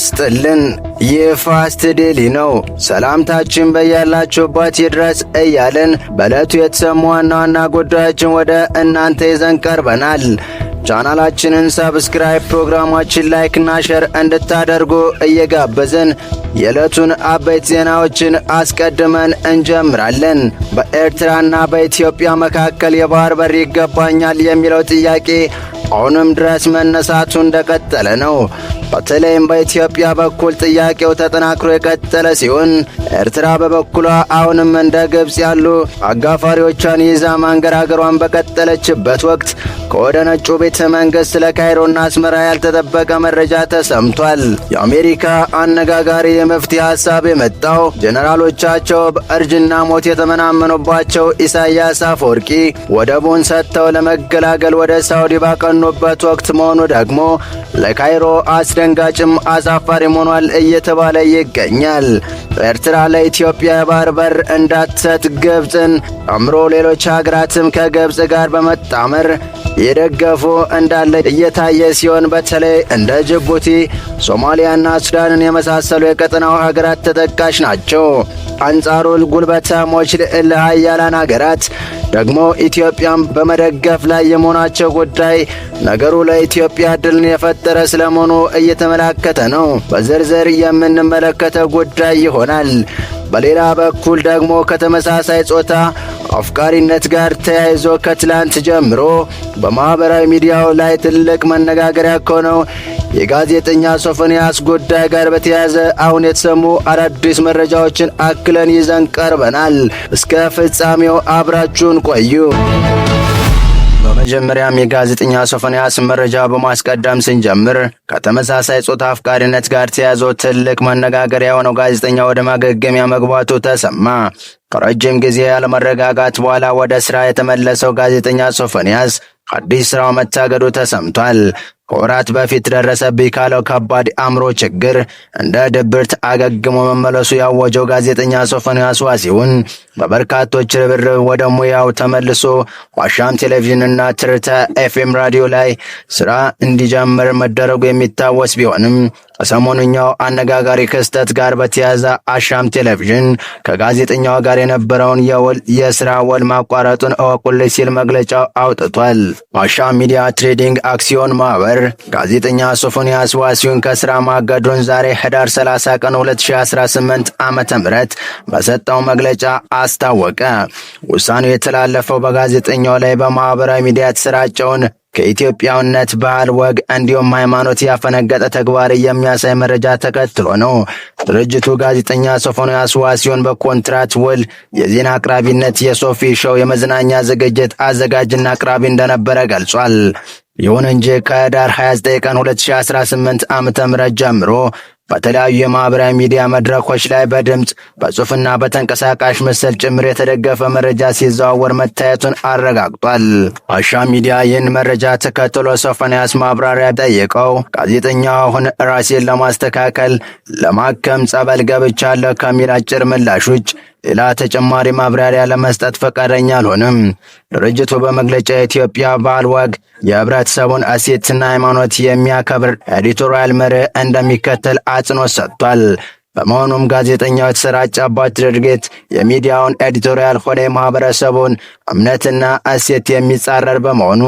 ይስጥልን። ይህ ፋስት ዴሊ ነው። ሰላምታችን በያላችሁበት ይድረስ እያልን በዕለቱ የተሰሙ ዋና ዋና ጉዳዮችን ወደ እናንተ ይዘን ቀርበናል። ቻናላችንን ሰብስክራይብ፣ ፕሮግራማችን ላይክና ሸር እንድታደርጉ እየጋበዝን የዕለቱን አበይት ዜናዎችን አስቀድመን እንጀምራለን። በኤርትራና በኢትዮጵያ መካከል የባህር በር ይገባኛል የሚለው ጥያቄ አሁንም ድረስ መነሳቱ እንደቀጠለ ነው። በተለይም በኢትዮጵያ በኩል ጥያቄው ተጠናክሮ የቀጠለ ሲሆን ኤርትራ በበኩሏ አሁንም እንደ ግብፅ ያሉ አጋፋሪዎቿን ይዛ ማንገራገሯን በቀጠለችበት ወቅት ከወደ ነጩ ቤተ መንግሥት ለካይሮና አስመራ ያልተጠበቀ መረጃ ተሰምቷል። የአሜሪካ አነጋጋሪ የመፍትሄ ሀሳብ የመጣው ጄኔራሎቻቸው በእርጅና ሞት የተመናመኑባቸው ኢሳያስ አፈወርቂ ወደቡን ሰጥተው ለመገላገል ወደ ሳውዲ ባቀኑበት ወቅት መሆኑ ደግሞ ለካይሮ አስ አስደንጋጭም አሳፋሪም ሆኗል እየተባለ ይገኛል። ኤርትራ ለኢትዮጵያ የባህር በር እንዳትሰጥ ግብፅን ጨምሮ ሌሎች ሀገራትም ከግብፅ ጋር በመጣመር የደገፉ እንዳለ እየታየ ሲሆን በተለይ እንደ ጅቡቲ፣ ሶማሊያና ሱዳንን የመሳሰሉ የቀጠናው ሀገራት ተጠቃሽ ናቸው። አንጻሩ ጉልበተሞች ልዕል ሀያላን ሀገራት ደግሞ ኢትዮጵያን በመደገፍ ላይ የመሆናቸው ጉዳይ ነገሩ ለኢትዮጵያ ድልን የፈጠረ ስለመሆኑ እየተመላከተ ነው። በዝርዝር የምንመለከተው ጉዳይ ይሆናል። በሌላ በኩል ደግሞ ከተመሳሳይ ጾታ አፍቃሪነት ጋር ተያይዞ ከትላንት ጀምሮ በማኅበራዊ ሚዲያው ላይ ትልቅ መነጋገሪያ ከሆነው የጋዜጠኛ ሶፎንያስ ጉዳይ ጋር በተያያዘ አሁን የተሰሙ አዳዲስ መረጃዎችን አክለን ይዘን ቀርበናል። እስከ ፍጻሜው አብራችሁን ቆዩ። በመጀመሪያም የጋዜጠኛ ሶፈንያስ መረጃ በማስቀደም ስንጀምር ከተመሳሳይ ጾታ አፍቃሪነት ጋር ተያይዞ ትልቅ መነጋገሪያ የሆነው ጋዜጠኛ ወደ ማገገሚያ መግባቱ ተሰማ። ከረጅም ጊዜ ያለመረጋጋት በኋላ ወደ ስራ የተመለሰው ጋዜጠኛ ሶፎንያስ አዲስ ስራው መታገዱ ተሰምቷል። ከወራት በፊት ደረሰብኝ ካለው ከባድ አእምሮ ችግር እንደ ድብርት አገግሞ መመለሱ ያወጀው ጋዜጠኛ ሶፎንያስ ዋሲሁን በበርካቶች ርብርብ ወደ ሙያው ተመልሶ ዋሻም ቴሌቪዥንና ትርተ ኤፍኤም ራዲዮ ላይ ስራ እንዲጀምር መደረጉ የሚታወስ ቢሆንም ከሰሞኑኛው አነጋጋሪ ክስተት ጋር በተያያዘ አሻም ቴሌቪዥን ከጋዜጠኛው ጋር የነበረውን የውል የስራ ወል ማቋረጡን እወቁልኝ ሲል መግለጫው አውጥቷል። አሻም ሚዲያ ትሬዲንግ አክሲዮን ማህበር ጋዜጠኛ ሶፎንያስ ዋሲሁን ከስራ ማገዱን ዛሬ ህዳር 30 ቀን 2018 ዓ ም በሰጠው መግለጫ አስታወቀ። ውሳኔው የተላለፈው በጋዜጠኛው ላይ በማኅበራዊ ሚዲያ የተሰራጨውን ከኢትዮጵያውነት ባህል፣ ወግ እንዲሁም ሃይማኖት ያፈነገጠ ተግባር የሚያሳይ መረጃ ተከትሎ ነው። ድርጅቱ ጋዜጠኛ ሶፎንያስ ዋሲሁን በኮንትራት ውል የዜና አቅራቢነት፣ የሶፊ ሾው የመዝናኛ ዝግጅት አዘጋጅና አቅራቢ እንደነበረ ገልጿል። ይሁን እንጂ ከህዳር 29 ቀን 2018 ዓ ም ጀምሮ በተለያዩ የማኅበራዊ ሚዲያ መድረኮች ላይ በድምፅ በጽሑፍና በተንቀሳቃሽ ምስል ጭምር የተደገፈ መረጃ ሲዘዋወር መታየቱን አረጋግጧል። አሻ ሚዲያ ይህን መረጃ ተከትሎ ሶፎንያስ ማብራሪያ ጠይቀው ጋዜጠኛው አሁን ራሴን ለማስተካከል ለማከም ጸበል ገብቻለሁ ከሚል አጭር ምላሽ ውጭ ሌላ ተጨማሪ ማብራሪያ ለመስጠት ፈቃደኛ አልሆንም። ድርጅቱ በመግለጫ የኢትዮጵያ በዓል ወግ፣ የህብረተሰቡን እሴትና ሃይማኖት የሚያከብር ኤዲቶሪያል መርህ እንደሚከተል አጽንኦት ሰጥቷል። በመሆኑም ጋዜጠኛው የተሰራጨባት ድርጊት የሚዲያውን ኤዲቶሪያል ሆነ የማህበረሰቡን እምነትና እሴት የሚጻረር በመሆኑ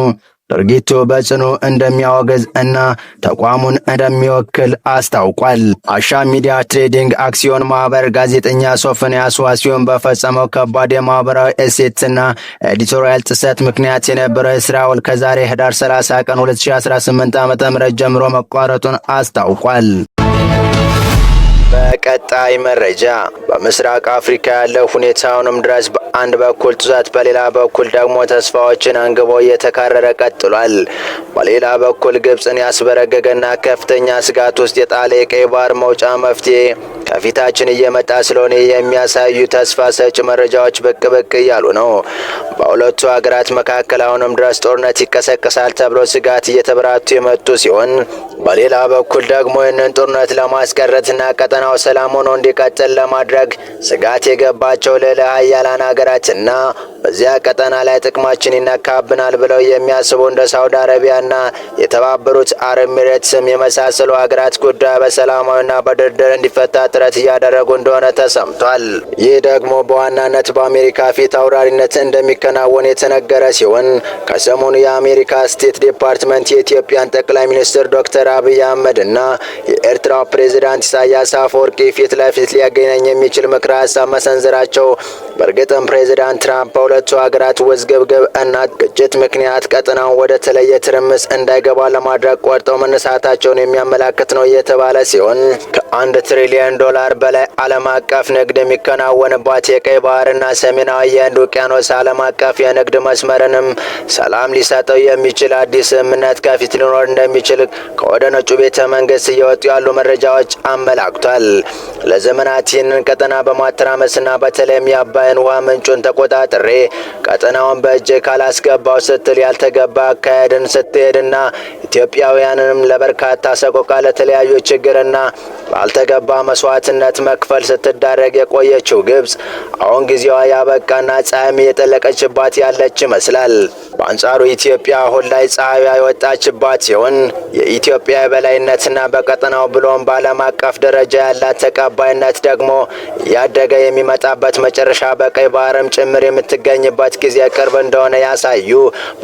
ድርጊቱ በጽኑ እንደሚያወግዝ እና ተቋሙን እንደሚወክል አስታውቋል። አሻ ሚዲያ ትሬዲንግ አክሲዮን ማህበር ጋዜጠኛ ሶፎንያስ ዋሲሁን በፈጸመው ከባድ የማህበራዊ እሴትና ኤዲቶሪያል ጥሰት ምክንያት የነበረው የስራ ውል ከዛሬ ህዳር 30 ቀን 2018 ም ጀምሮ መቋረጡን አስታውቋል። በቀጣይ መረጃ በምስራቅ አፍሪካ ያለው ሁኔታውንም ድረስ በአንድ በኩል ጥዛት በሌላ በኩል ደግሞ ተስፋዎችን አንግቦ እየተካረረ ቀጥሏል። በሌላ በኩል ግብፅን ያስበረገገና ከፍተኛ ስጋት ውስጥ የጣለ የቀይ ባህር መውጫ መፍትሄ ከፊታችን እየመጣ ስለሆነ የሚያሳዩ ተስፋ ሰጪ መረጃዎች ብቅ ብቅ እያሉ ነው። በሁለቱ ሀገራት መካከል አሁንም ድረስ ጦርነት ይቀሰቀሳል ተብሎ ስጋት እየተበራቱ የመጡ ሲሆን፣ በሌላ በኩል ደግሞ ይህንን ጦርነት ለማስቀረትና ቀጠናው ሰላም ሆኖ እንዲቀጥል ለማድረግ ስጋት የገባቸው ልዕለ ሀያላን ሀገራትና በዚያ ቀጠና ላይ ጥቅማችን ይነካብናል ብለው የሚያስቡ እንደ ሳውዲ አረቢያና የተባበሩት አረብ ኤሚሬትስም የመሳሰሉ ሀገራት ጉዳይ በሰላማዊና በድርድር እንዲፈታ ጥረት እያደረጉ እንደሆነ ተሰምቷል። ይህ ደግሞ በዋናነት በአሜሪካ ፊት አውራሪነት እንደሚከናወን የተነገረ ሲሆን ከሰሞኑ የአሜሪካ ስቴት ዲፓርትመንት የኢትዮጵያን ጠቅላይ ሚኒስትር ዶክተር አብይ አህመድ እና የኤርትራው ፕሬዚዳንት ኢሳያስ አፈወርቂ ፊት ለፊት ሊያገናኝ የሚችል ምክረ ሀሳብ መሰንዘራቸው በእርግጥም ፕሬዚዳንት ትራምፕ በሁለቱ ሀገራት ውዝግብግብ እና ግጭት ምክንያት ቀጠናውን ወደ ተለየ ትርምስ እንዳይገባ ለማድረግ ቆርጠው መነሳታቸውን የሚያመላክት ነው እየተባለ ሲሆን አንድ ትሪሊዮን ዶላር በላይ ዓለም አቀፍ ንግድ የሚከናወንባት የቀይ ባህርና ሰሜናዊ የህንድ ውቅያኖስ ዓለም አቀፍ የንግድ መስመርንም ሰላም ሊሰጠው የሚችል አዲስ ስምምነት ከፊት ሊኖር እንደሚችል ከወደ ነጩ ቤተ መንግስት እየወጡ ያሉ መረጃዎች አመላክቷል። ለዘመናት ይህንን ቀጠና በማተራመስና በተለይም የአባይን ውሃ ምንጩን ተቆጣጥሬ ቀጠናውን በእጄ ካላስገባው ስትል ያልተገባ አካሄድን ስትሄድና ኢትዮጵያውያንንም ለበርካታ ሰቆቃ ለተለያዩ ችግርና ባልተገባ መስዋዕትነት መክፈል ስትዳረግ የቆየችው ግብጽ አሁን ጊዜዋ ያበቃና ፀሐይም እየጠለቀችባት ያለች ይመስላል። በአንጻሩ ኢትዮጵያ አሁን ላይ ፀሐዩ የወጣችባት ሲሆን የኢትዮጵያ የበላይነትና በቀጠናው ብሎም በዓለም አቀፍ ደረጃ ያላት ተቀባይነት ደግሞ እያደገ የሚመጣበት መጨረሻ በቀይ ባህርም ጭምር የምትገኝበት ጊዜ ቅርብ እንደሆነ ያሳዩ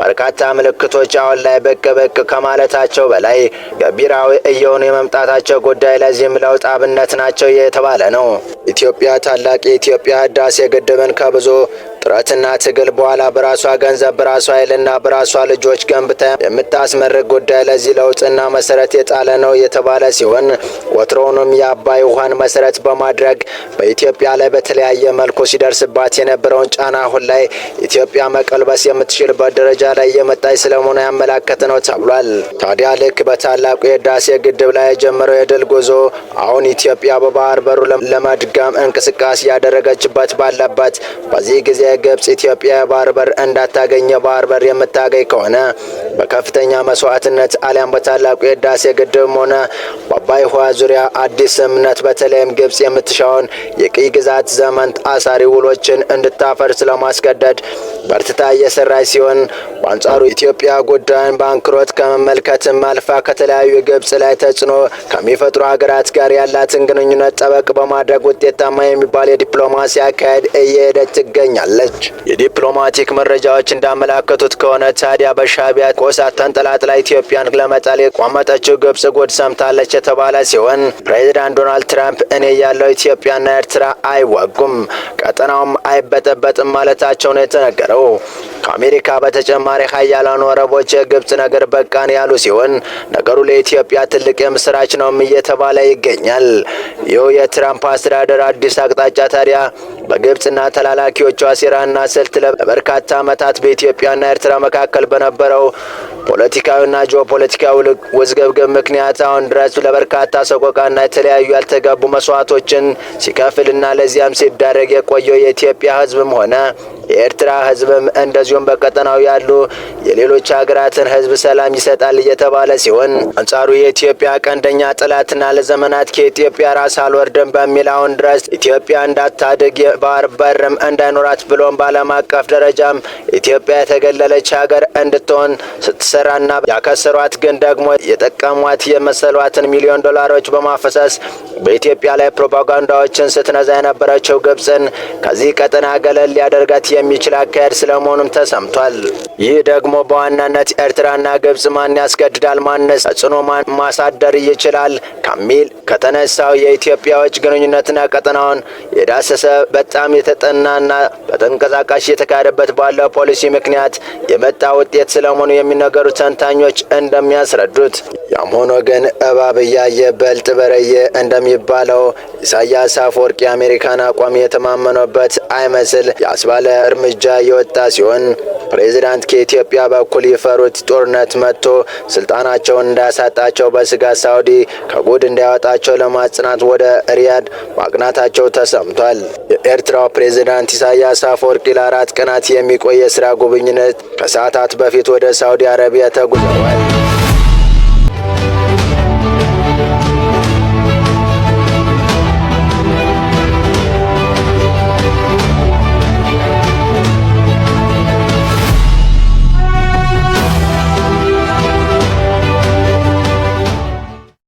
በርካታ ምልክቶች አሁን ላይ ብቅ ብቅ ከማለታቸው በላይ ገቢራዊ እየሆኑ የመምጣታቸው ጉዳይ ለዚህም ለውጥ አብነት ናቸው የተባለ ነው። ኢትዮጵያ ታላቅ የኢትዮጵያ ህዳሴ ግድብን ከብዙ ጥረትና ትግል በኋላ በራሷ ገንዘብ በራሷ ኃይልና በራሷ ልጆች ገንብታ የምታስመርቅ ጉዳይ ለዚህ ለውጥና መሰረት የጣለ ነው የተባለ ሲሆን ወትሮውንም የአባይ ውሃን መሰረት በማድረግ በኢትዮጵያ ላይ በተለያየ መልኩ ሲደርስባት የነበረውን ጫና አሁን ላይ ኢትዮጵያ መቀልበስ የምትችልበት ደረጃ ላይ የመጣች ስለመሆኑ ያመላከት ነው ተብሏል። ታዲያ ልክ በታላቁ የህዳሴ ግድብ ላይ የጀመረው የድል ጉዞ አሁን ኢትዮጵያ በባህር በሩ ለመድገም እንቅስቃሴ ያደረገችበት ባለበት በዚህ ጊዜ የግብጽ ኢትዮጵያ ባህር በር እንዳታገኘ ባህር በር የምታገኝ ከሆነ በከፍተኛ መስዋዕትነት አሊያም በታላቁ የህዳሴ ግድብም ሆነ በአባይ ውሃ ዙሪያ አዲስ ስምምነት በተለይም ግብጽ የምትሻውን የቅኝ ግዛት ዘመን አሳሪ ውሎችን እንድታፈርስ ለማስገደድ በርትታ እየሰራች ሲሆን በአንጻሩ ኢትዮጵያ ጉዳዩን ባንክሮት ከመመልከትም አልፋ ከተለያዩ ግብጽ ላይ ተጽዕኖ ከሚፈጥሩ ሀገራት ጋር ያላትን ግንኙነት ጠበቅ በማድረግ ውጤታማ የሚባል የዲፕሎማሲ አካሄድ እየሄደች ትገኛለች። የዲፕሎማቲክ መረጃዎች እንዳመላከቱት ከሆነ ታዲያ በሻቢያ ኮሳት ተንጠላጥላ ኢትዮጵያን ለመጣል የቋመጠችው ግብጽ ጉድ ሰምታለች የተባለ ሲሆን ፕሬዚዳንት ዶናልድ ትራምፕ እኔ ያለው ኢትዮጵያና ኤርትራ አይዋጉም፣ ቀጠናውም አይበጠበጥም ማለታቸው ነው የተነገረው። ከአሜሪካ በተጨማሪ ሀያላኑ አረቦች የግብጽ ነገር በቃን ያሉ ሲሆን ነገሩ ለኢትዮጵያ ትልቅ የምስራች ነውም እየተባለ ይገኛል። ይሁ የትራምፕ አስተዳደር አዲስ አቅጣጫ ታዲያ በግብጽና ተላላኪዎቿ ሴራና ስልት ለበርካታ ዓመታት በኢትዮጵያና ኤርትራ መካከል በነበረው ፖለቲካዊና ጂኦፖለቲካዊ ውዝግብግብ ምክንያት አሁን ድረስ ለበርካታ ሰቆቃና የተለያዩ ያልተገቡ መስዋዕቶችን ሲከፍልና ለዚያም ሲዳረግ የቆየው የኢትዮጵያ ህዝብም ሆነ የኤርትራ ህዝብም እንደዚሁም በቀጠናው ያሉ የሌሎች ሀገራትን ህዝብ ሰላም ይሰጣል እየተባለ ሲሆን አንጻሩ የኢትዮጵያ ቀንደኛ ጠላትና ለዘመናት ከኢትዮጵያ ራስ አልወርድም በሚል አሁን ድረስ ኢትዮጵያ እንዳታድግ የባህር በርም እንዳይኖራት ብሎም በዓለም አቀፍ ደረጃም ኢትዮጵያ የተገለለች ሀገር እንድትሆን ስትሰ እንድትሰራና ያከሰሯት ግን ደግሞ የጠቀሟት የመሰሏትን ሚሊዮን ዶላሮች በማፈሰስ በኢትዮጵያ ላይ ፕሮፓጋንዳዎችን ስትነዛ የነበረችው ግብፅን ከዚህ ቀጠና ገለል ሊያደርጋት የሚችል አካሄድ ስለመሆኑም ተሰምቷል። ይህ ደግሞ በዋናነት ኤርትራና ግብጽ ማን ያስገድዳል፣ ማንስ ተጽዕኖ ማሳደር ይችላል ከሚል ከተነሳው የኢትዮጵያ ግንኙነትና ቀጠናውን የዳሰሰ በጣም የተጠናና በተንቀሳቃሽ የተካሄደበት ባለው ፖሊሲ ምክንያት የመጣ ውጤት ስለመሆኑ የሚነገሩ ተንታኞች እንደሚያስረዱት ያም ሆኖ ግን እባብ እያየ በልጥ በረየ እንደሚባለው ኢሳያስ አፈወርቂ የአሜሪካን አቋም የተማመኑበት አይመስል ያስባለ እርምጃ የወጣ ሲሆን ፕሬዚዳንት ከኢትዮጵያ በኩል ይፈሩት ጦርነት መጥቶ ስልጣናቸውን እንዳያሳጣቸው በስጋት ሳውዲ ከጉድ እንዳያወጣቸው ለማጽናት ወደ ሪያድ ማቅናታቸው ተሰምቷል። የኤርትራው ፕሬዚዳንት ኢሳያስ አፈወርቂ ለአራት ቀናት የሚቆይ የስራ ጉብኝነት ከሰዓታት በፊት ወደ ሳውዲ አረቢያ ተጉዘዋል።